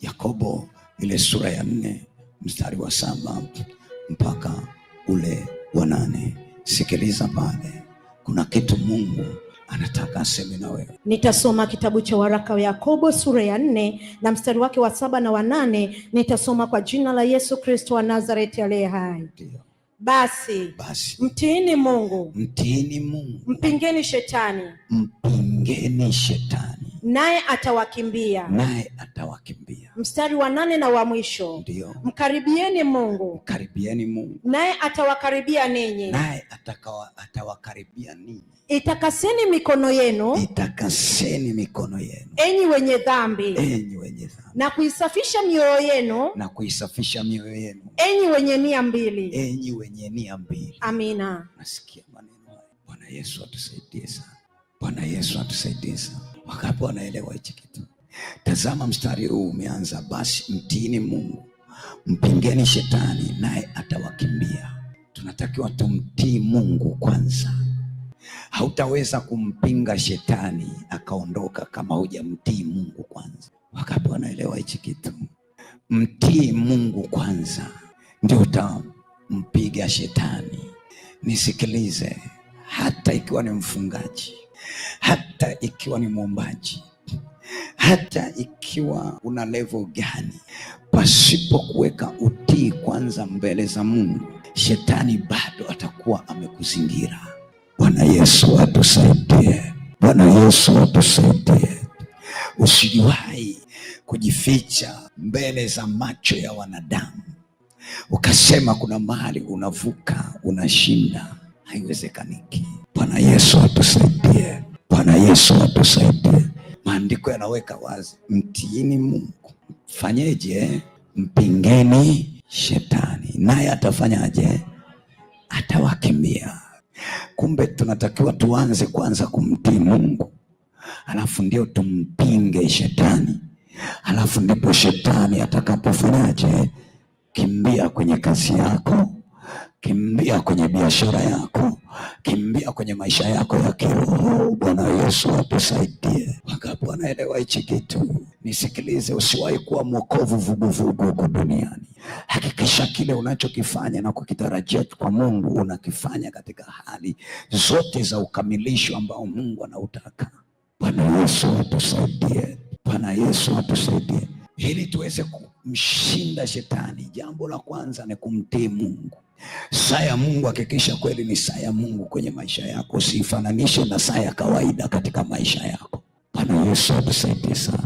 Yakobo ile sura ya nne mstari wa saba mpaka ule wa nane. Sikiliza pale, kuna kitu Mungu anataka aseme na wewe. Nitasoma kitabu cha waraka wa Yakobo sura ya nne na mstari wake wa saba na wa nane. Nitasoma kwa jina la Yesu Kristo wa Nazareti aliye hai. Basi, basi mtiini Mungu, mtiini Mungu, mpingeni shetani, mpingeni shetani, naye atawakimbia, naye mstari wa nane na wa mwisho. Ndio, mkaribieni Mungu, mkaribieni Mungu naye atawakaribia ninyi, naye atawakaribia ninyi. Itakaseni mikono yenu, itakaseni mikono yenu, enyi wenye dhambi, enyi wenye dhambi, na kuisafisha mioyo yenu, na kuisafisha mioyo yenu, enyi wenye nia mbili, enyi wenye nia mbili. Amina. Nasikia maneno Bwana Yesu atusaidie sana. Bwana Yesu atusaidie sana, wakapo wanaelewa hichi kitu Tazama mstari huu umeanza, basi mtiini Mungu, mpingeni shetani naye atawakimbia. Tunatakiwa tumtii Mungu kwanza. Hautaweza kumpinga shetani akaondoka kama hujamtii Mungu kwanza. Wakapi wanaelewa hichi kitu? Mtii Mungu kwanza ndio utampiga shetani. Nisikilize, hata ikiwa ni mfungaji, hata ikiwa ni mwombaji hata ikiwa una level gani, pasipo kuweka utii kwanza mbele za Mungu, shetani bado atakuwa amekuzingira. Bwana Yesu atusaidie, Bwana Yesu atusaidie. Usijiwahi kujificha mbele za macho ya wanadamu ukasema kuna mahali unavuka, unashinda. Haiwezekaniki. Bwana Yesu atusaidie, Bwana Yesu atusaidie. Maandiko yanaweka wazi, mtiini Mungu. Fanyeje? Mpingeni shetani, naye atafanyaje? Atawakimbia. Kumbe tunatakiwa tuanze kwanza kumtii Mungu, alafu ndio tumpinge shetani, alafu ndipo shetani atakapofanyaje? Kimbia kwenye kazi yako, kimbia kwenye biashara yako kimbia kwenye maisha yako ya kiroho. Bwana Yesu atusaidie. Wangapi wanaelewa hichi kitu? Nisikilize, usiwahi kuwa mwokovu vuguvugu huku duniani. Hakikisha kile unachokifanya na kukitarajia kwa Mungu unakifanya katika hali zote za ukamilishi ambao Mungu anautaka. Bwana Yesu atusaidie. Bwana Yesu atusaidie. Ili tuweze kumshinda shetani, jambo la kwanza ni kumtii Mungu. Saa ya Mungu, hakikisha kweli ni saa ya Mungu kwenye maisha yako, usifananishe na saa ya kawaida katika maisha yako. Bwana Yesu atusaidie sana.